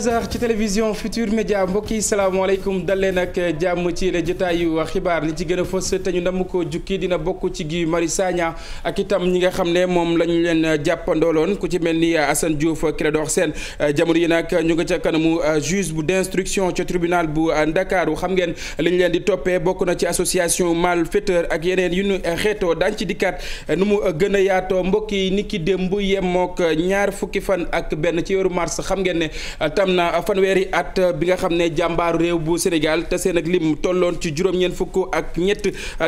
13 ci télévision Futur Média mbokk yi salaamaaleykum dalee nag jàmm ci la jotaayu xibaar li ci gën a fës te ñu ndam ko dina bokk ci Guy Marius Sagna ak ñi nga xam ne moom la ñu leen jàppandooloon ku ci mel ni Assane Diouf Clédor Sène jamono yi nag ñu ca kanamu juge bu d'instruction ca tribunal bu Ndakaaru xam ngeen li leen di toppee bokk na ci association mal malfaiteur ak yeneen yu ñu xeetoo daañu ci dikkaat nu mu gën a yaatoo mbokk yi niki démb yemook ñaar fukki fan ak benn ci yoru mars xam ngeen ne. am fanweeri at bi nga xam ne jàmbaaru réew bu Sénégal te seen ak lim tolloon ci juróom-ñeent fukk ak ñett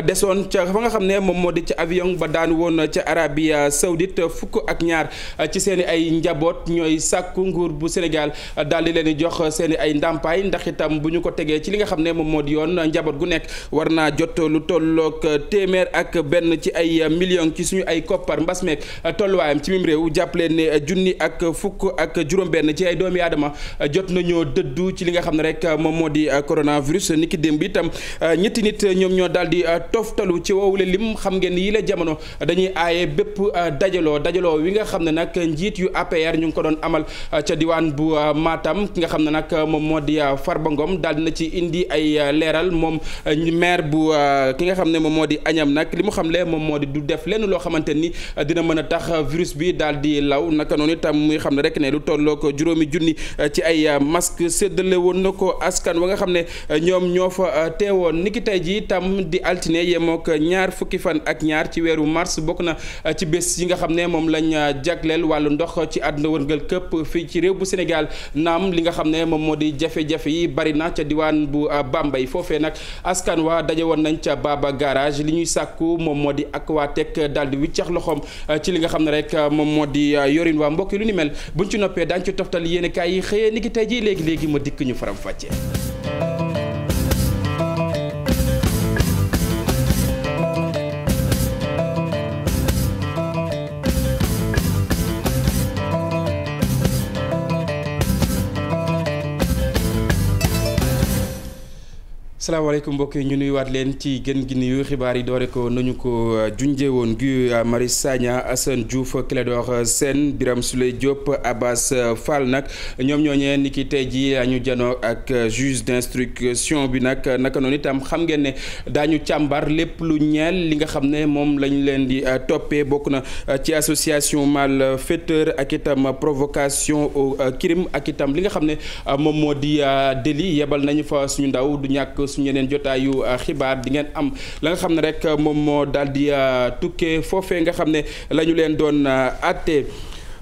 desoon ca fa nga xam ne moom moo di ca avion ba daan woon ca Arabie Saoudite fukk ak ñaar ci seen i ay njaboot ñooy sàkku nguur bu Sénégal daal di leen jox seen i ay ndàmpaay ndax itam bu ñu ko tegee ci li nga xam ne moom moo di yoon njaboot gu nekk war naa jot lu tollook téeméer ak benn ci ay million ci suñu ay koppar mbasmeek meeg tolluwaayam ci mim réew jàpp leen ne junni ak fukk ak juróom-benn doomi aadama jot nañoo dëddu ci li nga xam ne rek moom moo di euh, coronavirus niki démb itam euh, ñetti nit euh, ñoom ñoo daal di toftalu ci woowule lim xam ngeen yi la jamono dañuy aaye bépp dajaloo dajaloo wi nga xam ne nag njiit yu APR ñu ngi ko doon amal ca diwaan bu Matam ki nga xam ne nag moom moo di Farba Ngom daal dina ci indi ay leeral moom maire bu ki nga xam ne moom moo di añam nag li mu xamle moom moo di du def lenn loo xamante ni dina mën a tax virus bi daal di law naka noonu itam muy xam ne rek ne lu tolloo ko juróomi junni ci ay euh, masque séddale woon na ko askan wa nga xam ne euh, ñoom ñoo fa euh, teewoon niki tey ji tam di altine yemook ñaar fukki fan ak ñaar ci weeru mars bokk na ci bés yi nga xam ne moom lañ jagleel wàllu ndox ci àdduna wërngal këpp fii ci réew bu Sénégal naam li nga xam ne moom moo di jafe-jafe yi bari na ca diwaan bu Bambey foofee nag askan waa daje woon nañ ca Baba Garage li ñuy sàkku moom moo di ak waa Tek daal di wiccax loxoom ci li nga xam ne rek moom moo di yorin waa mbokk lu ni mel buñ ci noppee daañu ci toftal yéen kaay yi xëyee ni ki tey jii léegi-léegi ma dikk ñu faram fàcce salaamaaleykum mbokk yi ñu waat leen ci gën gi nuyu xibaar yi doore ko nañu ko euh, junjee woon Guy euh, Marius Sagna Assane Diouf seen biram su Souleye Diop Abass euh, Fall nag ñoom ñooñee ni ki tey ji ñu janoo ak juge d'instruction bi nag naka noonu itam xam ngeen ne daañu càmbar lépp lu ñeel li nga xam ne moom lañ leen di toppee bokk na ci association malfaiteur ak itam provocation au crime ak itam li nga xam ne moom moo di délit yebal nañu fa suñu ndaw du ñàkk suñu yeneen jotaayu euh, xibaar di ngeen am la nga xam ne rek euh, moom moo daal di euh, tukkee foofee nga xam ne la ñu leen doon àtte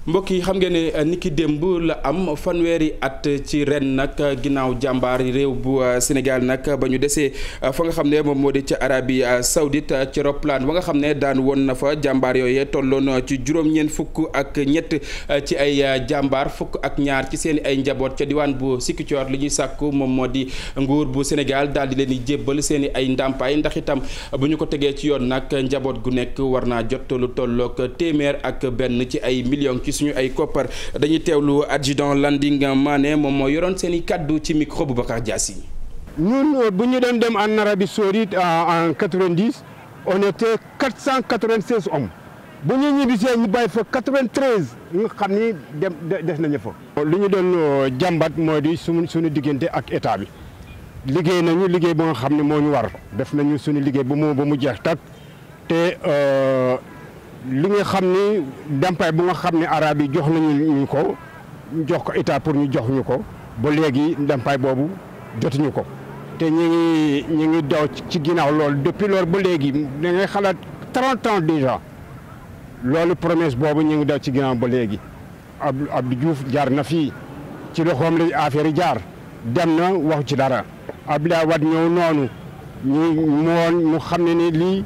mbokk yi xam ngeen ne euh, ni ki démb la am fanweeri at ci ren nag ginnaaw jàmbaar réew bu euh, Sénégal nag ba ñu desee euh, fa nga xam ne moom moo di ca Arabie Saoudite ci roplaan ba nga xam ne daan woon na fa jàmbaar yooye tolloon ci juróom-ñeent fukk ak ñett ci ay jàmbaar fukk ak ñaar ci seen ay njaboot ca diwaan bu Sikicoor li ñuy sàkku moom moo di nguur bu Sénégal daal di leen di jébbal seen i ay ndàmpaay ndax itam bu ñu ko tegee ci yoon nag njaboot gu nekk war naa jot lu téeméer ak benn ci ay millions suñu ay koppar dañuy teewlu adjudant Landing Mané moom moo yoroon seeni i kàddu ci micro Boubacar Diassi yi ñun euh, bu ñu doon dem en Arabie Saoudite euh, en 90 on était 496 hommes bu ñu ñibbisee ñu bàyyi fa 93 ñu xam ni dem des nañu fa. lu ñu doon euh, jàmbat mooy di suñu suñu diggante ak état bi liggéey nañu liggéey bu nga xam ne moo ñu war def nañu suñu liggéey ba mu ba mu jeex tàkk te. li nga xam ni ndàmpaay bu nga xam ne arab yi jox nañu ñu ko jox ko état pour ñu jox ñu ko ba léegi ndàmpaay boobu jotuñu ko te ñu ñu ngi daw ci ginnaaw loolu depuis loolu ba léegi da ngay xalaat trente ans loolu promesse boobu ñu ngi daw ci ginnaaw ba léegi Abdou Diouf jaar na fii ci loxoom la affaire yi jaar dem na wax ci dara Abdoulaye Wade ñëw noonu ñu mu xam ne ni lii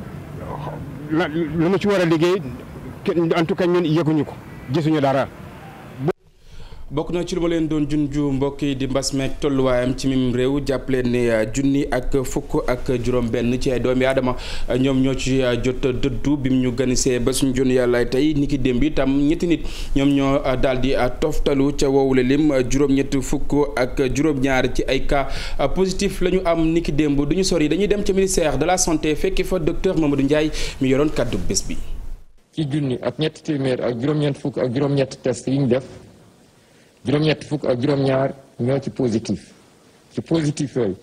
la ma ci war a liggéey en tout cas ñun yëguñu ko gisuñu dara. bokk na ci lu ma leen doon junju mbokk yi di mbas meeg tolluwaayam ci mim réew jàppaleen ne uh, junni ak fukk ak juróom-benn ci ay doomi aadama uh, ñoom ñoo ci uh, jot dëddu bi mu ñu ganisee ba suñu jon yàlla tey niki démb itam ñetti nit ñoom ñoo daal di toftalu ca woowule lim juróom-ñetti fukk ak juróom-ñaar ci ay cas positif la ñu am niki démb du ñu sori dañuy dem ca ministère de la santé fekki fa docteur Mamadou Ndiaye mi yoroon kàddu bés bi. ci junni ak ñetti téeméer ak juróom ak juróom-ñett test def. juróom-ñetti fukk ak juróom-ñaar ñoo ci positif ci positif yooyu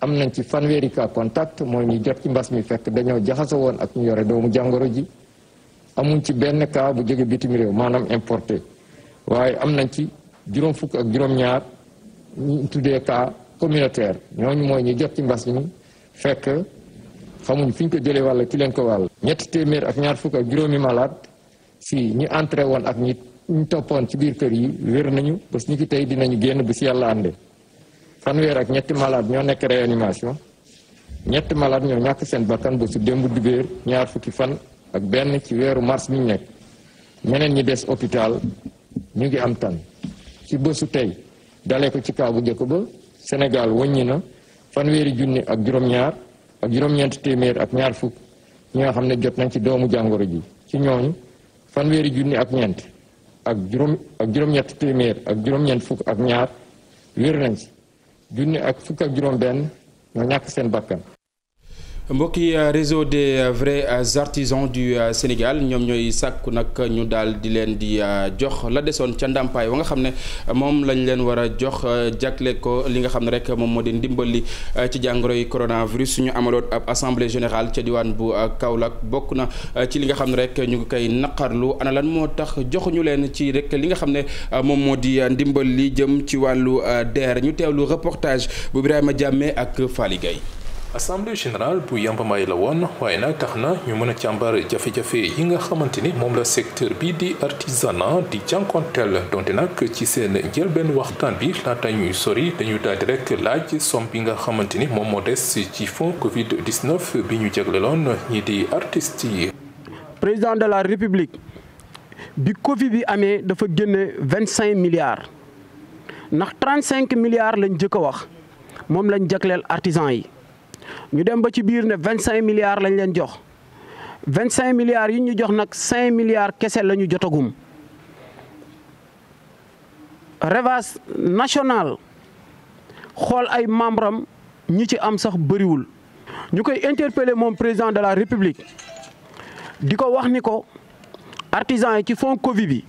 am nañ ci fanweeri cas contact mooy ñu jot ci mbas mi fekk dañoo jaxasoo woon ak ñu yore doomu jàngoro ji amuñ ci benn cas bu jóge bitim réew maanaam importé waaye am nañ ci juróom fukk ak juróom-ñaar ñu tuddee cas communautaire ñooñu mooy ñu jot ci mbas mi fekk xamuñ fi ñu ko jëlee wàll ci leen ko wàll. ñetti téeméer ak ñaar fukk ak juróomi malaat si ñi entré woon ak ñi ñu toppoon ci biir kër yi wér nañu bés ñu ki tey dinañu génn bu si yàlla ànde fanweer ak ñetti malade ñoo nekk réanimation ñetti malaat ñoo ñàkk seen bakkan ba su démb dibéer ñaar fukki fan ak benn ci weeru mars mi ñu nekk meneen ñi des hôpital ñu ngi am tan ci bésu tey dalee ko ci kaw bu ba senegal wëññi na fanweeri junni ak juróom-ñaar ak juróom-ñeent téeméer ak ñaar fukk ñi nga xam ne jot nañ ci doomu jàngoro ji ci ñooñu fanweeri junni ak ñeent ak juróom ak juróom-ñett téeméer ak juróom-ñeent fukk ak ñaar wér nañ ci junni ak fukk ak juróom benn ñoo ñàkk seen bakkan mbokki euh, réseau des euh, vrais euh, artisans du Sénégal ñoom ñooy sàkku nag ñu daal di leen di jox la desoon ca ndàmpaay wa nga xam ne moom lañ leen war a jox jagle ko li nga xam ne rek moom moo di ndimbali ci jàngoro jàngoroy coronavirus ñu amaloon ab assemblée générale ca diwaan bu Kaolack bokk na ci li nga xam ne rek ñu ngi koy naqarlu ana lan moo tax joxuñu leen ci rek li nga xam ne moom moo di ndimbal li jëm ci wàllu DER ñu teewlu reportage bu Ibrahima Diamé ak Fally assemblée générale bu yambamay la woon waaye nag tax na ñu mën a càmbar jafe-jafe yi nga xamante ni moom la secteur bi di artisanat di jànkonteel donte nag ci seen benn waxtaan bi laata ñuy sori dañu daldi rek laaj somme bi nga xamante ni moom moo des ci fonds Covid 19 bi ñu jagleloon ñi di artistes yi. président de la république bi Covid bi amee dafa génne vingt cinq milliards ndax trente cinq milliards lañ jëkk a wax moom lañ jagleel artisans yi. ñu dem ba ci biir ne vingt cinq milliards lañ leen jox vingt cinq milliards yi ñu jox nag cinq milliards kese la ñu jotagum Revas national xool ay membre am ñi ci am sax bëriwul. ñu koy interpeller moom président de la république di ko wax ni ko artisan yi ci fonds Covid bi.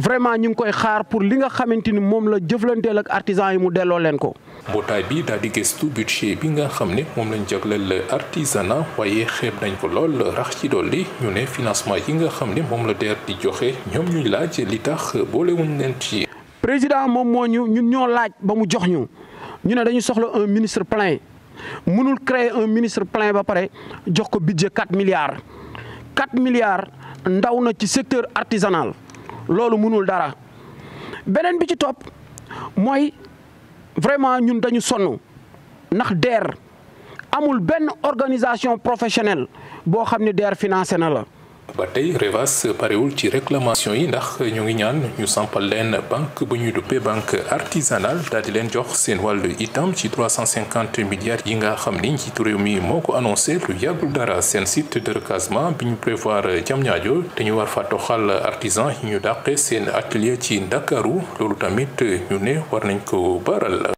vraiment ñu ngi koy xaar pour li nga xamante ni moom la jëflanteel ak artisan yi mu delloo leen ko. mbootaay bi daal di gëstu budget bi nga xam ne moom lañ jagleel artisanat waaye xeeb nañ ko lool rax ci dolli ñu ne financement yi nga xam ne moom la DER di joxe ñoom ñuy laaj li tax boolewuñ leen ci. président moom moo ñu ñun ñoo laaj ba mu jox ñu ñu ne dañu soxla un ministre plein mënul créer un ministre plein ba pare jox ko budget 4 milliards 4 milliards ndaw na ci secteur artisanal. loolu mënul dara beneen bi ci topp mooy vraiment ñun dañu sonn ndax DER amul benn organisation professionnelle boo xam ne DER financé na la. ba tey Revas parewul ci réclamation yi ndax ñu ngi ñaan ñu sampal leen banque bu ñuy duppee banque artisanale daal di leen jox seen wàllu itam ci 350 milliards yi nga xam ni njiitu réew mi moo ko annoncé lu yàggul dara seen site de recasement bi ñu prévoir te ñu war fa toxal artisan yi ñu dàqee seen atelier ci Ndakaaru loolu tamit ñu ne war nañ ko baral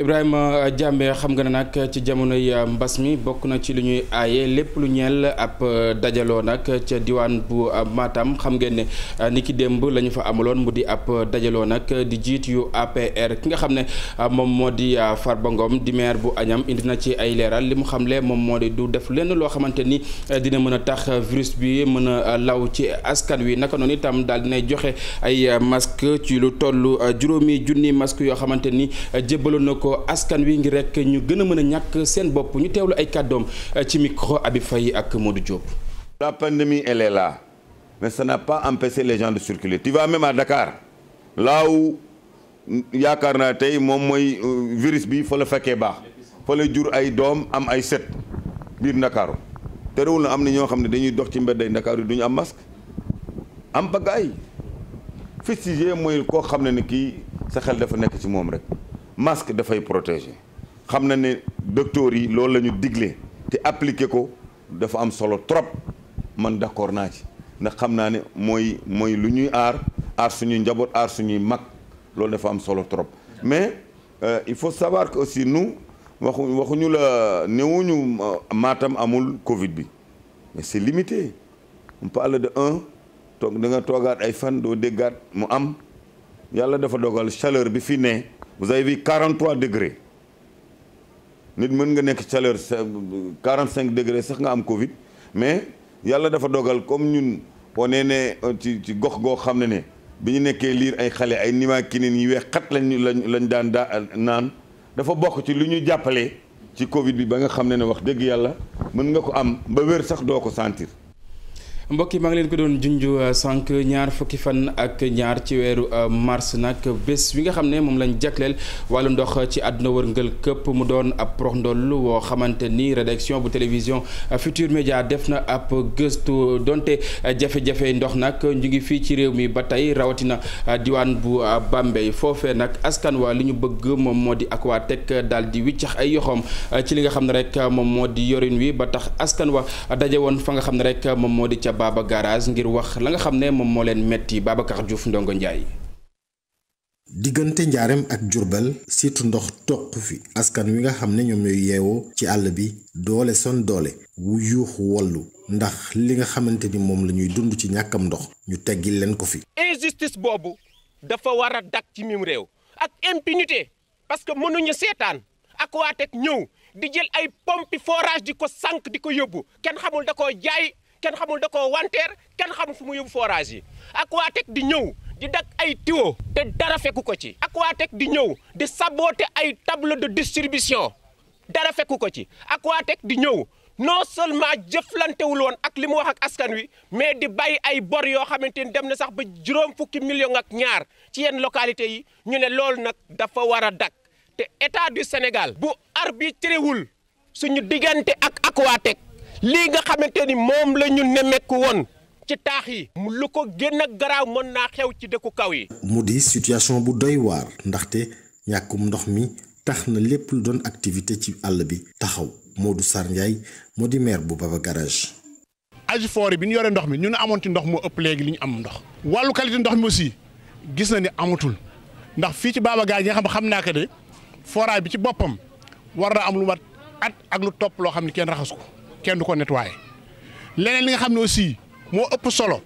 Ibrahima jàmbe xam nga ne nag ci jamonoy euh, mbas mi bokk na ci lu ñuy aaye lépp lu ñeel ab euh, dajaloo nag ca diwaan bu euh, maatam xam ngeen ne ni ki démb lañu fa amaloon mu di ab dajaloo nag di jiit yu APR ki nga xam ne moom moo di Farba Ngom di maire bu añam indi na ci ay leeral li mu xamle moom moo di du def lenn loo xamante ni dina mën a tax virus bi mën a law ci askan wi naka noonu itam daal dinay joxe ay masque ci lu toll juróomi junni masque yoo xamante ni jébbaloon ko askan wi ngir rek ñu gën a mën a ñàkk seen bopp ñu teewlu ay kàddoom eh, ci micro Abi Faye ak Modou Diop. la pandémie elle est là mais pas empêché les gens de circuler tu vas même à Dakar yaakaar naa tey moom mooy euh, virus bi fa la fekkee baax fa la jur ay doom am ay set biir ndakaaru te réwul na am na ñoo xam ne dañuy dox ci mbedday ndakaaru yi du am masque am bagaay fustigé mooy koo xam ne ni kii sa xel dafa nekk ci moom rek masque dafay protéger xam na ne docteur yi loolu la ñu digle te appliquer ko dafa am solo trop man d'accord naa ci ndax xam naa ne mooy mooy lu ñuy aar aar suñuy njaboot aar suñuy mag loolu dafa am solo trop mais euh, il faut savoir que aussi nu waxu waxuñu la newuñu euh, maatam amul Covid bi si c'est limité on parle de un toog da nga toogaat ay fan doo déggaat mu am yàlla dafa dogal chaleur bi fi ne vous avez vu 43 degrés nit mën nga nekk chaleur 45 degrés sax nga am Covid mais yàlla dafa dogal comme ñun on est né euh, ci ci gox goo xam ne ne bi ñu nekkee liir ay xale ay nimaakinin yi weex xat lañ lañ lañ daan daa naan dafa bokk ci lu ñu jàppale ci Covid bi ba nga xam ne ne wax dëgg yàlla mën nga ko am ba wér sax doo ko sentir. mbokk yi maa ngi leen ko doon junj euh, sànq ñaar fukki fan ak ñaar ci weeru euh, mars nag bés wi nga xam ne moom lañ jagleel wàllu ndox ci àdduna wërngël këpp mu doon ab prox ndoll woo xamante ni rédaction bu télévision euh, Futur Média def na ab gëstu donte jafe-jafe ndox nag ñu fii ci réew mi ba tey rawatina diwaan bu Bambey foofe nag askan waa li ñu bëgg moom moo di ak waa teg daal di wiccax ay yoxoom ci li nga xam ne rek moom moo di yorin wi ba tax askan wa daje woon fa nga xam ne rek moom moo di ca Baba Garage wax la nga xam ne moom moo leen metti Babacar Diouf Ndongo diggante njaareem ak jurbel siitu ndox toq fi askan wi nga xam ne ñoom ñooy yeewoo ci àll bi doole son doole wu yuuxu wollu ndax li nga xamante ni moom lañuy dund ci ñàkkam ndox ñu teggil leen ko fi. injustice boobu dafa wara a ci mim réew ak impunité parce mënuñu seetaan ak waateeg ñëw di jël ay pompe forage di ko sànq di ko yóbbu kenn xamul da koo jaay kenn xamul da koo wanteer kenn xamul fu mu yóbbu forage yi Aquatech di ñëw di dag ay tuyau te dara fekku ko ci Aquatech di ñëw di saboter ay table de distribution dara fekku ko ci Aquatech di ñëw non seulement jëflantewul woon ak li mu wax ak askan wi mais di bàyyi ay bor yoo xamante ni dem na sax ba juróom fukki million ak ñaar ci yenn localité yi ñu ne loolu nag dafa war a dak te état du Sénégal bu arbitré wul suñu diggante ak ak Aquatech lii nga xamante ni moom la ñu nemmeeku woon ci taax yi lu ko gën a garaaw mën naa xew ci dëkku kaw yi. mu di situation bu doy waar ndaxte ñàkkum ndox mi tax na lépp lu doon activité ci àll bi taxaw moo du Ndiaye moo di maire bu Baba Garage. Ajifor bi ñu yore ndox mi ñu ne amoon ci ndox moo ëpp léegi li ñu am ndox. wàllu qualité ndox mi aussi gis na ni amatul ndax fii ci Baba Garage yi nga xam xam naa ko de forage bi ci boppam war na am lu mat at ak lu topp loo xam ne kenn raxas ko. kenn du ko nettoyé leneen li nga xam ne aussi moo ëpp solo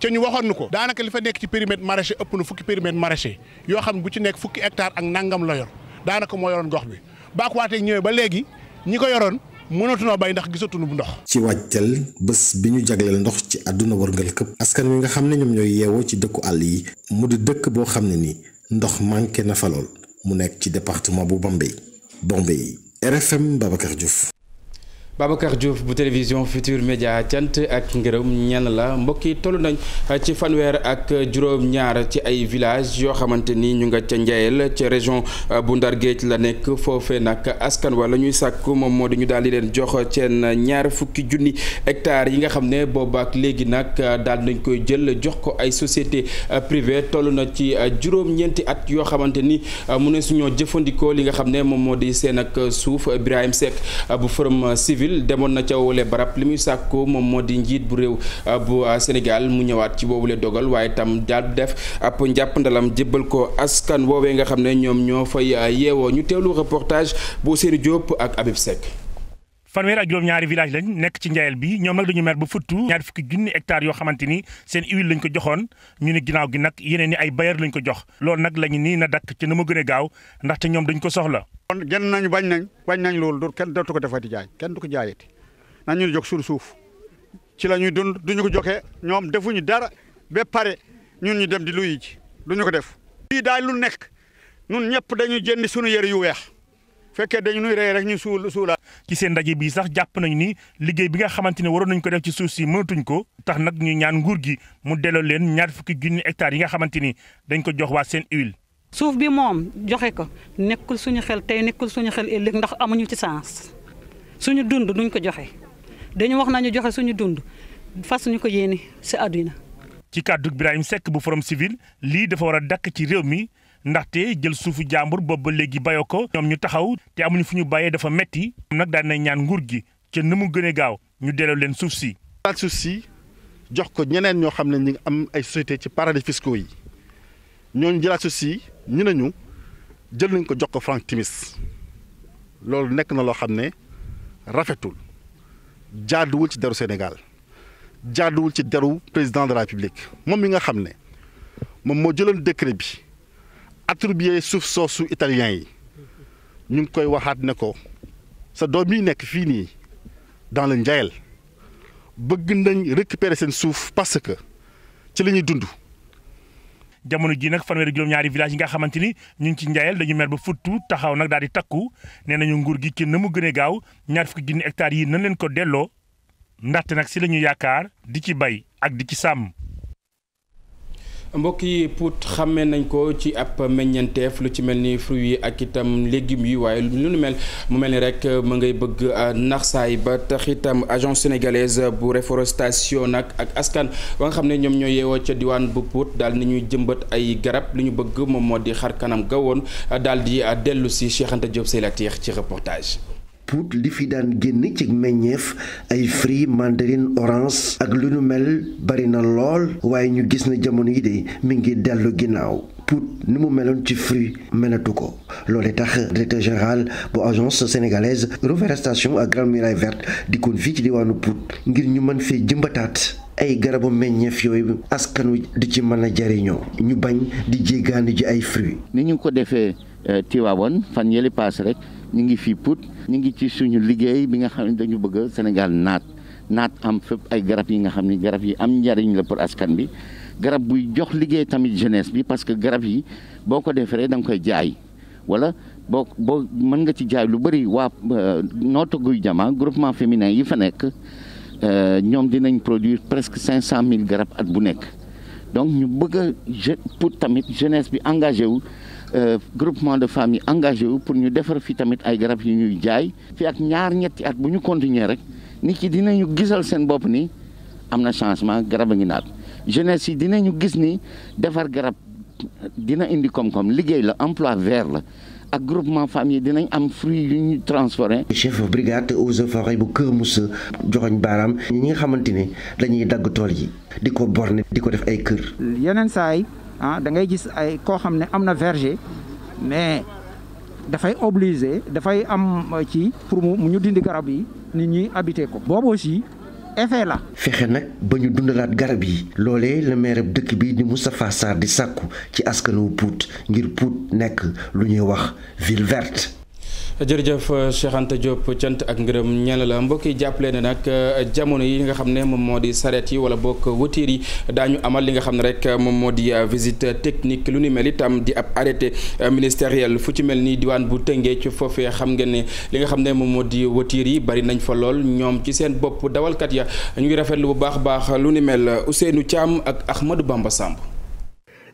ca ñu waxoon nu ko daanaka li fa nekk ci périmètre maraîcher ëpp na fukki périmètre maraîcher yoo xam ne bu ci nekk fukki hectare ak nangam la yor daanaka moo yoroon gox bi baakuwaateeg ñëwee ba léegi ñi ko yoroon mënatunoo bay ndax gisatuñu bu ndox ci wàccal bés bi ñu jagleel ndox ci àdduna wërngal këpp askan wi nga xam ne ñoom ñooy yeewoo ci dëkku àll yi mu di dëkk boo xam ne nii ndox manqué na falool mu nekk ci département bu Bambey Bambey RFM Babacar Diouf Babacar Diouf bu télévision Futur Média cant ak ngërëm ñenn la mbokk yi toll nañ ah, ci fanweer ak juróom-ñaar ci ay village yoo xamante ni ñu nga ca Njayel ca région ah, bu Ndar Géej la nekk foofee nag askan wala ñuy sàkku moom moo di ñu daal di leen jox seen ñaar fukki junni hectares yi nga xam ne boobaak léegi nag ah, daal nañ koy jël jox ko ay société privée toll na ci juróom-ñeenti at yoo xamante ni mu ne suñoo jëfandikoo li nga xam ne moom moo di seen ak suuf Ibrahim Seck demoon na ca woowule barab li muy sàkko moom moo di njiit bu réew euh, bu euh, Sénégal mu ñëwaat ci boobule dogal waaye tam daal def ab njàpp ndalam jëbbal ko askan woowee nga xam ne ñoom ñoo fay euh, yeewoo ñu teewlu reportage bu Serigne Diop ak Habib Seck. fanweer ak ñaari village lañ nekk ci njayel bi ñoom nag dañu mer ba futtu ñaari fukki junni hectares yoo xamante ni seen huile lañ ko joxoon ñu ni ginnaaw gi nag yeneen ni ay bailleur lañ ko jox loolu nag lañu nii na dakk ci na ma gën a gaaw ndaxte ñoom dañ ko soxla kon genn nañu bañ nañ bañ nañ loolu du kenn dootu ko defati jaay kenn du ko jaayati nañu jox suñu suuf ci la ñuy dund duñu ko joxee ñoom defuñu dara ba pare ñun ñu dem di luyi ci duñu ko def lii daay lu nekk ñun ñëpp dañuy jënd suñu yëre yu weex fekke dañu nuy rey rek ñu suul suulaa ci seen ndaje bii sax jàpp nañu ni liggéey bi nga xamante ne waroon nañu ko def ci suuf si mënatuñ ko tax nag ñu ñaan nguur gi mu delloo leen ñaar fukki junni hectares yi nga xamante ni dañ ko jox waa seen huile suuf bi moom joxe ko nekkul suñu xel tey nekkul suñu xel ëllëg ndax amuñu ci sens suñu dund duñ ko joxe dañu wax nañu joxe suñu dund fas ñu ko yéene si àdduna ci kàddu Ibrahima sekk bu Forum Civil lii dafa war a dakk ci réew mi ndaxte jël suufu jàmbur boobu ba léegi bayoo ko ñoom ñu taxaw te amuñu fu ñu bàyyee dafa metti nag daan na ñaan nguur gi ca ni mu gënee gaaw ñu delloo leen suuf si. suuf si jox ko ñeneen ñoo xam ne ñu ngi am ay société ci paradis fiscaux yi ñooñu jëlaat suuf si ñu ne ñu jël nañ ko jox ko Frank Timis loolu nekk na loo xam ne rafetul jaaduwul ci deru Sénégal jaaduwul ci deru président de la République moom mi nga xam ne moom moo jëloon décret bi. attribué suuf soosu italien yi ñu ngi koy waxaat ne ko sa doom yi nekk fii nii dans le Ndiayel bëgg nañ récupérer seen suuf parce que ci lañuy dund. jamono ji nag fanweeri juróom-ñaari village yi nga xamante ni ñu ngi ci Ndiayel dañu mer ba futtu taxaw nag daal di takku nee nañu nguur gi ci na mu gën a gaaw ñaar fukki junni hectares yi nan leen ko delloo ndaxte nag si la yaakaar di ci bay ak di ci sàmm. mbokk yi Pout xàmmee nañ ko ci ab meññanteef lu ci mel ni fruits yi ak itam légumes yi waaye lu nu mel mu mel ni rek mu ngay bëgg euh, naxsaay ba taxitam agent agence sénégalaise bu reforestation nag ak askan wa nga xam ne ñoom ñoo yeewoo ca diwaan bu Pout daal ni ñuy jëmbat ay garab lu ñu bëgg moom moo di xar kanam gawoon euh, daal di euh, dellu si Cheikh Anta Diop Seylatir ci reportage. puut li fi daan génn ci meññeef ay fruits mandarine orange ak lu nu mel bari na lool waaye ñu gis na jamono yi de mi ngi dellu ginnaaw puut ni mu meloon ci fruit melatu ko loolee tax directeur général bu agence sénégalaise reforestation ak grande muraille verte dikkoon fii ci diwaanu puut ngir ñu mën fee jëmbataat ay garabu meññeef yooyu askan wi di ci mën a jariñoo ñu bañ di jéggaani ji ay fruits. ni ñu ko defee euh, Tivaouane fan yële paas rek. ñu ngi fii Pout ñu ngi ci suñu liggéey bi nga xam ne dañu bëgg Sénégal naat naat am fépp ay garab yi nga xam ni garab yi am njariñ la pour askan bi garab buy jox liggéey tamit jeunesse bi parce que garab yi boo ko defaree da nga koy jaay wala boo boo mën nga ci jaay lu bëri waa euh, nooto guy jama groupement féminin yi fa nekk euh, ñoom dinañ produire presque cinq cent mille garab at bu nekk donc ñu bëgg a pour tamit jeunesse bi engagé wu Euh, groupement de femmes yi engagé wu pour ñu defar fi tamit ay garab yu ñuy jaay fi ak ñaar ñetti at bu ñu continuer rek nit ki dinañu gisal seen bopp ni am na changement garab a ngi naat jeunesse yi dinañu gis ni defar garab dina indi koom-koom liggéey la emploi vert la ak groupement femmes yi dinañ am fruit yu ñu transformé. chef brigade eaux et forêts bu Kër Moussa joxoñ baaraam ñi nga xamante ne dañuy dagg tool yi di ko borne di ko def ay kër. yeneen ah da ngay gis ay koo xam ne am na verge mais dafay obligé dafay am euh, ci pour mu ñu dindi garab yi nit ñi habité ko boobu aussi effet la. fexe nag ba ñu dundalaat garab yi. loole la maire dëkk bi di Moustapha Sarr di sàkku ci askanu Pout ngir Pout nekk lu ñuy wax ville verte. jërëjëf euh, Cheikh Anta Diop cant ak ngërëm ñeel la mbokk yi jàppale ne nag euh, jamono yi nga xam ne moom moo di sareet yi wala bokk wëtiir yi daañu amal li nga xam ne rek euh, moom moo di visite technique lu ni mel itam di ab arrêté ministériel fu ci mel ni diwaan bu tëngee ci foofee xam ngeen ne li nga xam ne moom moo di wëtiir yi bari nañ fa lool ñoom ci seen bopp dawalkat ya ñu rafet lu bu baax baax lu ni mel Ousseynou caam ak Ahmadou Bamba sàmb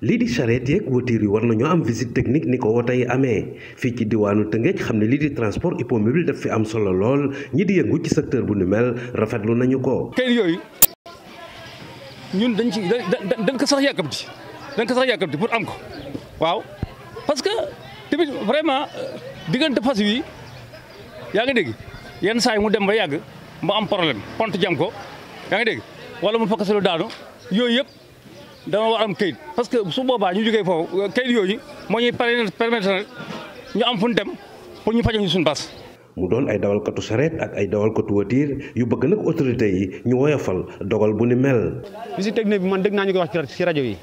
lii di charrette yeeg voiture yi war nañoo am visite technique ni ko woto amee fii ci diwaanu Tëngéej xam ne lii di transport hippomobile daf fi am solo lool ñi di yëngu ci secteur bu nu mel rafetlu nañu ko. kayit yooyu ñun dañ ci dañ ko sax yàkkamti dañ ko sax yàkkamti pour am ko waaw parce que tamit vraiment euh, diggante fas wi yaa ngi dégg yenn saa yi mu dem ba yàgg mu am problème pont jam ko yaa ngi dégg wala mu fokk solo lu daanu yooyu yëpp. dama war am kayit parce que su boobaa ñu jógee foofu kayit yooyu moo ñuy permettre nag ñu am fu ñu dem pour ñu fajal ñu suñu bas. mu doon ay dawalkatu sareet ak ay dawalkatu watiir yu bëgg nag autorité yi ñu woyofal dogal bu ni mel. visite technique bi man dégg naa ñu ko wax ci rajo yi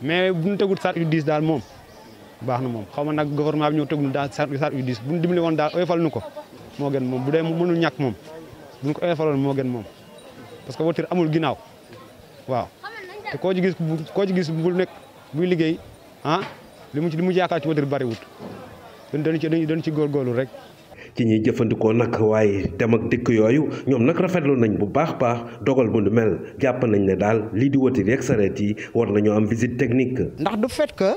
mais bu ñu tegul sart yu diis daal moom baax na moom xaw ma nag gouvernement bi ñoo tegul daal sart yu diis bu ñu dimbali woon daal oyofal nu ko moo gën moom bu dee mënul ñàkk moom bu ñu ko oyofaloon moo gën moom parce que watiir amul ginnaaw waaw. te koo ci gis koo ci gis bu nekk buy liggéey ah li mu ci li mu yaakaar ci wàllu bariwut dañu ci dañu ci góorgóorlu rek. ci ñuy jëfandikoo nag waaye dem ak dikk yooyu ñoom nag rafetlu nañ bu baax baax dogal bu nu mel jàpp nañ ne daal lii di wëtir yeeg sareet yi war nañoo am visite technique. ndax du fait que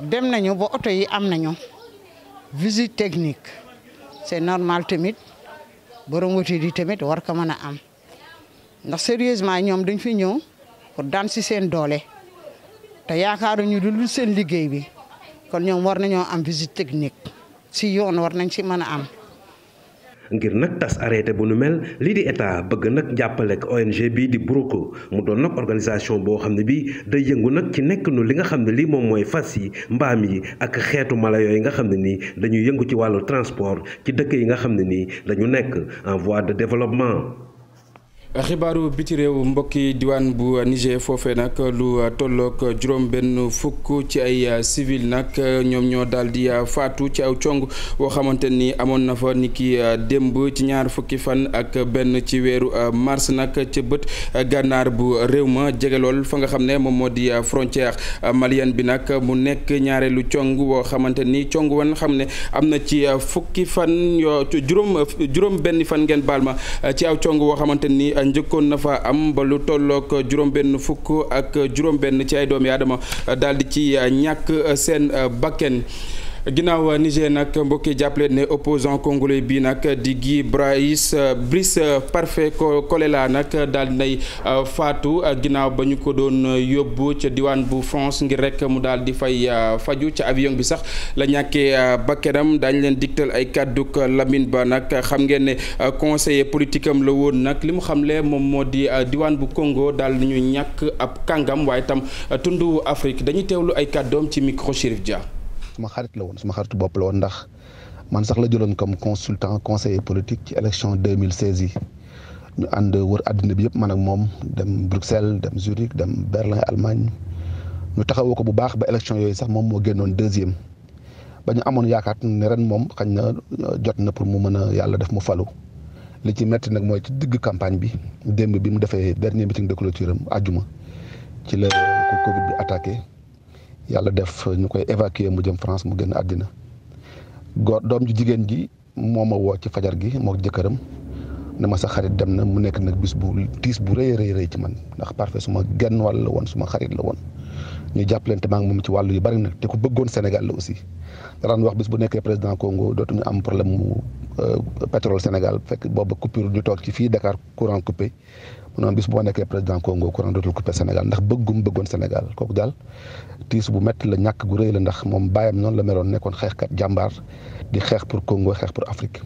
dem nañu ba oto yi am nañu visite technique c'est normal tamit borom wëtir yi tamit war ko mën a am ndax sérieusement ñoom dañ fi ñëw. pour daan si seen doole te yaakaaruñu lu seen liggéey bi kon ñoom war nañoo am visite technique si yoon war nañ ci mën a am. ngir nag tas arrêté bu nu mel lii di état bëgg nag jàppale ko ONG bii di Brooke mu doon nag organisation boo xam ne bii day yëngu nag ci nekk nu li nga xam ne lii moom mooy fas yi mbaam yi ak xeetu mala yooyu nga xam ne nii dañuy yëngu ci wàllu transport ci dëkk yi nga xam ne nii dañu nekk en voie de développement. xibaaru biti réew mbokki diwaan bu Niger foofe nag lu tollook juróom benn fukk ci ay civil nag ñoom ñoo daal di faatu ci aw cong boo xamante ni amoon na fa niki démb ci ñaar fukki fan ak benn ci weeru mars nag ca bët gànnaar bu réew ma jege fa nga xam ne moom moo di frontière malienne bi nag mu nekk ñaareelu cong boo xamante ni cong wan xam ne am na ci fukki fan yoo juróom benn fan ngeen baal ma ci aw cong boo xamante njëkkoon na fa am ba lu tollook juróom-benn fukk ak juróom-benn ci ay doomi aadama daal di ci ñàkk seen bakken ginnaaw Niger nag mbokki jàppale ne opposant congolais bi nag di Guy Brice Brice Parfait Kolela nag daal di nay euh, faatu ginnaaw ba ñu ko doon yóbbu ca diwaan bu France ngir rek mu daal di fay euh, faju ca avion bi sax la ñàkkee euh, bakkanam daañu leen digtal ay kàdduk Lamine Ba nag xam ngeen ne conseiller politique am la woon nag li mu xamle moom moo di diwaan bu Congo daal di ñu ñàkk ab kàngam waaye tam tundu Afrique dañuy teewlu ay kàddoom ci micro Chérif Dia. suma xarit woon suma xaritu bopp la woon ndax man sax la jëloon comme consultant conseiller politique ci élection 2016 yi ñu ànd war àddina bi yëpp man ak moom dem Bruxelles dem Zurich dem Berlin Allemagne ñu taxawoo ko bu baax ba élection yooyu sax moom moo génnoon deuxième ba ñu amoon yaakaar ne ren moom xañ na euh, jot na pour mu mën a yàlla def mu falu li ci metti nag mooy ci digg campagne bi démb bi mu defee dernier meeting de clôture am àjjuma ci la ko Covid yàlla def ñu koy évacuer mu jëm France mu gën àddina góor doom ju jigéen ji moo ma woo ci fajar gi moo jëkkëram ne ma sa xarit dem na mu nekk nag bis bu tiis bu rëy rëy rëy ci man ndax parfait suma genn wàll la woon suma xarit la woon ñu jàpp jàppalante maa ngi moom ci wàllu yi bari nag te ku bëggoon Sénégal la aussi daan wax bis bu nekkee président Congo dootuñu am problème mu euh, pétrole Sénégal fekk booba coupure ñu toog ci fii Dakar courant coupé mu bis boo nekkee président Congo courant dootul coupé Sénégal ndax bëggum bëggoon Sénégal kooku daal tiis bu métti la ñàkk gu rëy la ndax moom baayam noonu la meloon nekkoon xeexkat jàmbaar di xeex pour Congo xeex pour Afrique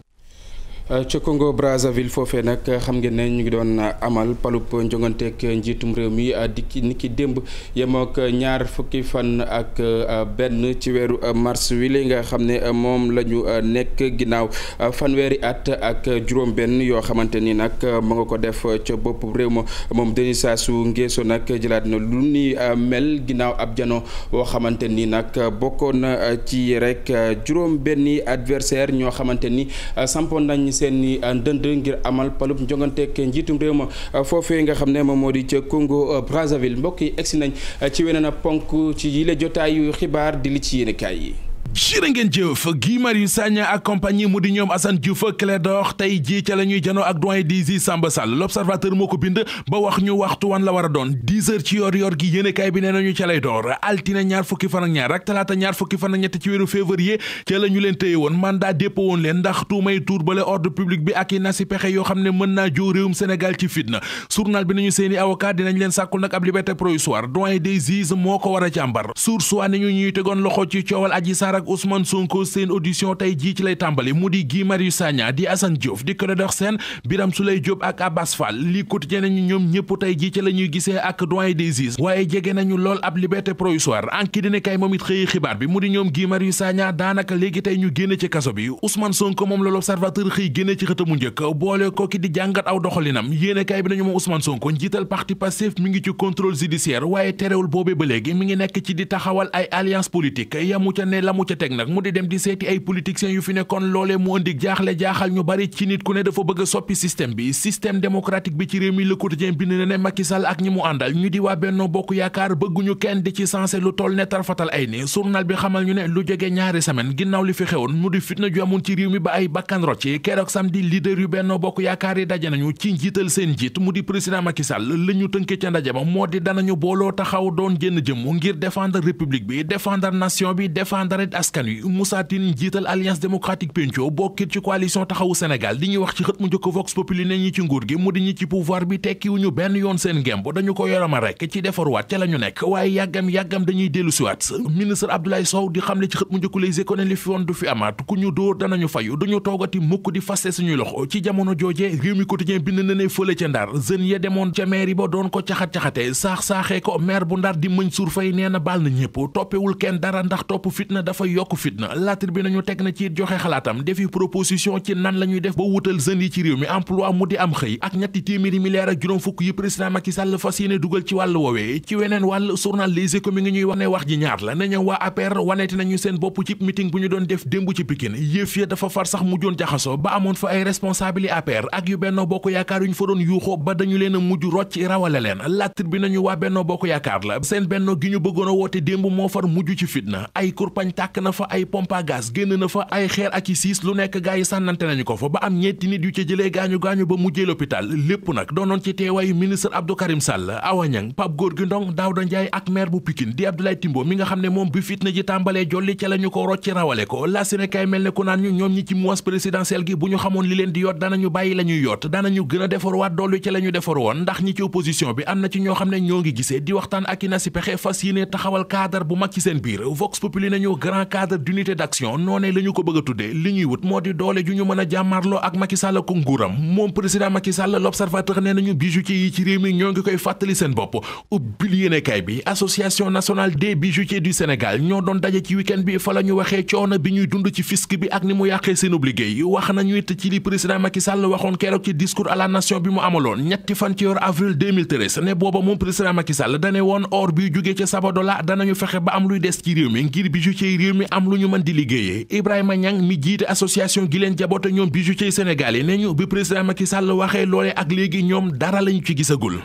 Euh, ca Congo Brazzaville foofee nag xam ngeen ne ñu ngi doon amal palub njonganteeg njiitum réew mi euh, dikki ni ki démb yem ak ñaar fukki fan ak euh, benn ci weeru mars wi li nga xam ne moom la ñu nekk ginnaaw fanweeri at ak juróom-benn yoo xamante ni nag mu nga ko def ca bopp réew ma moom Denis Sassou Nguesso nag jëlaat na lu ni mel ginnaaw ab jano woo xamante ni nag bokkoon ci rek juróom-benni adversaire ñoo xamante ni sampoon nañ seen i ndënd ngir amal palub njonganteeg njiitum réew ma euh, foofee nga xam ne moom moo di ca kongo euh, Brazzaville mbokk yi egsi nañ euh, ci weneen a ponk ci yile jotaayu xibaar di li ci yéenekaay yi jërë ngeen jëf Guy Marius Sagna ak compagnie mu di ñoom Assane Diouf ak Clédor tey jii ca la janoo ak doyen DG Samba Sall l'observateur moo ko bind ba wax ñu waxtu wan la war a doon 10 heures ci yoor yoor gi yéenekaay bi nee nañu ca lay door altine ñaar fukki fan ak ñaar ak talaata ñaar fukki fan ak ci weeru février ca la leen téye woon mandat dépôt woon leen ndax tuumay tuur bale ordre public bi ak i nasi pexe yoo xam ne mën naa joo réewum Sénégal ci fitna journal bi nañu seeni avocat leen sàkkul nag ab liberté provisoire doyen des juges a jàmbar Ousmane Sonko seen audition tey jii ci lay tàmbali mu di Guy Marius Sagna di Assane Diouf di Clédor Sène Birame Souleye Diop ak Abass Fall lii quotidien nañu ñëpp tey jii ci la ñuy gisee ak doyen des juges waaye jege nañu lool ab liberté provisoire enquête dina kay moom it xëyi xibaar bi mu di ñoom Guy Marius Sagna daanaka léegi tey ñu génn ci kaso bi Ousmane Sonko moom la l'Observateur xëy génne ci xëtamu njëkk boole ko ki di jàngat aw doxalinam yéene kay bi nañu moom Ousmane ca teg nag mu di dem di seeti ay politiciens yu fi nekkoon loolee mu indi jaaxle jaaxal ñu bari ci nit ku ne dafa bëgg a soppi système bi système démocratique bi ci réew mi Le Quotidien bind na ne Macky ak ñi mu àndal ñu di waa Benno Bokk Yaakaar bëgguñu kenn di ci sensé lu toll ne tarfatal ay ni journal bi xamal ñu ne lu jege ñaari semaine ginnaaw li fi xewoon mu di fitna ju amoon ci réew mi ba ay bakkan rot ci keroog samedi leader yu Benno Bokk Yaakaar yi daje nañu ci njiital seen njiit mu di président Macky Sall la ñu tënke ca ndaje ba moo di booloo taxaw doon jënn jëmm ngir défendre république bi défendre askan wi Moussa Tine jiital alliance démocratique penco bokkit ci coalition taxawu di xamle ci xët mu njëkk Les Échos fi woon du fi amaat ku ñu dóor danañu fayu duñu toogati mukk di faste suñuy loxo ci jamono jooje réew mi quotidien bind na fële ca Ndar jeunes ya demoon ca maire ba doon ko caxat-caxate saax-saaxee ko maire bu Ndar di Mansour Faye nee baal na ñëpp toppewul kenn dara ndax topp fitna dafa yokk fitna la tribune ñu teg na ci joxe xalaatam defi proposition ci nan la ñuy def ba wutal jeunes ci réew mi emploi mu di am xëy ak ñetti téeméeri milliards ak juróom fukk yi président Macky Sall fas yéene dugal ci wàllu woowee ci weneen wàll journal Les Échos mi ngi ñuy wax ne wax ji ñaar la nañu waa APR waneeti nañu seen bopp ci meeting bu ñu doon def démb ci Pikine yëf ya dafa far sax mujjoon jaxaso ba amoon fa ay responsable yi APR ak yu Benno Bokk Yaakaar yu ñu fa doon yuuxoo ba dañu leen a mujj rocc rawale leen la tribune moo far mujj lakk na fa ay pompe à génn na fa ay xeer ak i siis lu nekk gaa yi sànnante nañu ko fa ba am ñetti nit yu ca jëlee gaañu gaañu ba mujjee l'hôpital lépp nag doonoon ci teewaayu ministre Abdou Karim Sall Awa Niang Pape Gorgui Ndong Daouda Ndiaye ak maire bu Pikine di Abdoulaye Timbo mi nga xam ne moom bi fitna ji tàmbalee jolli ca la ko rocc rawale ko la mel ne ku naan ñu ñoom ñi ci mois présidentielle gi bu ñu xamoon li leen di yoot danañu a ñu defar cadre d'unité d'action noonee la ñu ko bëgg a tuddee li ñuy wut moo di doole ju ñu mën jàmmaarloo ak Macky Sall ak nguuram moom président Macky l'observateur nee nañu bijoutier yi ci réew mi ñoo ngi koy fàttali seen bopp ubbil yéenekaay bi association nationale des bijoutiers du Sénégal ñoo doon daje ci week bi fa la waxee coono bi ñuy dund ci fisc bi ak ni mu yàqee seenub liggéey wax nañu it ci li président Macky waxoon keroog ci discours à mi am lu ñu mën di liggéeyee Ibrahima Niang mi jiite association gi leen jaboote ñoom bijoutier Sénégal yi ne ñu ubbi président Macky Sall waxee loole ak léegi ñoom dara lañu ci gisagul.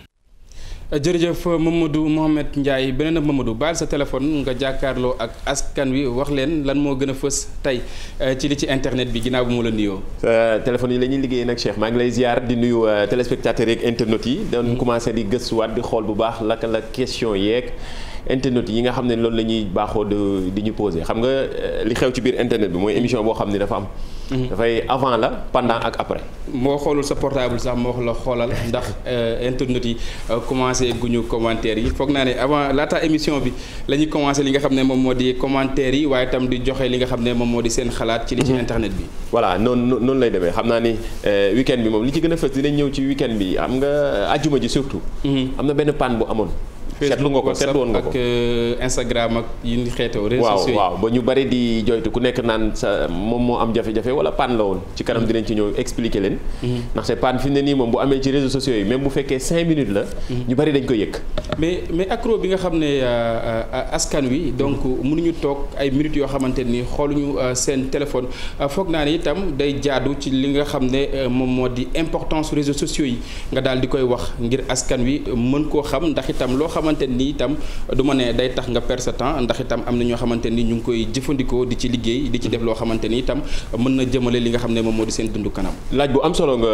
jërëjëf Mamadou Mohamed Ndiaye beneen ak Mamadou baal sa téléphone nga jàkkaarloo ak askan wi wax leen lan moo gën a fës tey euh, ci li ci internet bi ginnaaw bu mu la nuyoo. Euh, téléphone yi lañuy ñuy liggéey nag Cheikh maa ngi lay ziar di nuyu euh, téléspectateurs yeeg internautes yi. doon mm-hmm. commencé di gëstuwaat di xool bu baax laka la question yeeg. internet yi nga xam ne loolu la ñuy baaxoo de di ñu posé xam nga euh, li xew ci biir internet bi mooy émission boo xam ne dafa am. Mhm. dafay avant la pendant ak après. moo xoolul sa portable sax moo la xoolal ndax euh, internet yi euh, commencé guñu commentaire yi foog naa ne avant laata émission bi la ñuy commencé li nga xam ne moom moo di commentaire yi waaye itam di joxe li nga xam ne moom moo di seen xalaat. ci li ci mhm. internet bi. voilà noonu lay demee xam naa ni weekend bi moom li ci gën a fës dinañ ñëw ci weekend bi am nga ajjuma ji surtout. Mhm. am na benn panne bu amoon. seetlu nga ko seetlu woon nga ko euh, Instagram ak yi ñu xeetoo réseaux sociaux waaw waaw ba ñu bari di joytu ku nekk naan moom moo am jafe-jafe wala panne la ci kanam mm-hmm. dinañ ci ñëw expliquer leen mm-hmm. ndax c'est panne fi nii moom bu amee ci yi mm-hmm. ko yëg mais mais accro bi nga xam ne euh, euh, askan wi donc mënuñu toog ay minutes yoo xamante ni xooluñu seen téléphone foog naa ne itam day jaadu ci li nga xam ne moom moo di importance réseaux sociaux yi daal di koy wax ngir askan wi mën koo xam ndax itam loo xam xamante ni itam du ma day tax nga perdre sa temps ndax am na ñoo xamante ni ñu ngi koy jëfandikoo di ci liggéey di ci def loo xamante ni itam mën na jëmale li nga xam ne moom moo di seen dund kanam. laaj bu am solo nga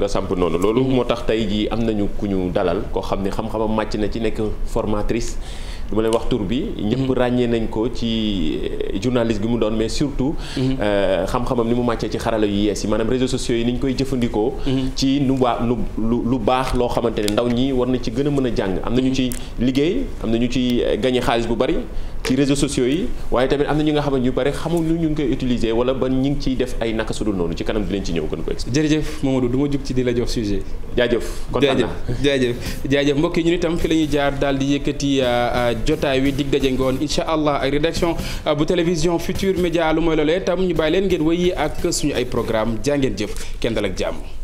nga samp noonu. loolu mhm. moo tax tey jii am nañu ku ñu dalal koo xam ne xam-xamam màcc na ci nekk formatrice. du ma leen wax bi. ñëpp mhm. ràññee nañ ko ci eh, journaliste bi mu doon mais surtout. Mhm. Eh, xam-xamam ni mu màccee ci xarala yu yees yi maanaam réseaux sociaux yi ni koy jëfandikoo. Mhm. ci nu waa nu lu baax loo xamante ne ndaw ñi war na ci gën a mën a jàng. am na ñu ci liggéey am na ñu ci eh, gagné xaalis bu bari. ci réseaux sociaux yi waaye tamit am na ñi nga xam ñu bare xamul nu ñu ngi koy utiliser wala ban ñu ngi ciy def ay naka sudul noonu ci kanam dinañ ci ñëw gën ko expliquer. jërëjëf Mamadou du ma jug ci di la jox jaajëf kontaan naa jaajëf jaajëf mbokk yi ñun itam fi la ñuy jaar daal di yëkkati euh, euh, jotaay wi dig daje ngoon incha allah ak rédaction euh, bu télévision Futur Média lu mooy loolee tam ñu bàyyi leen ngeen wéy ak suñu ay programme jaa ngeen jëf kenn dal ak jàmm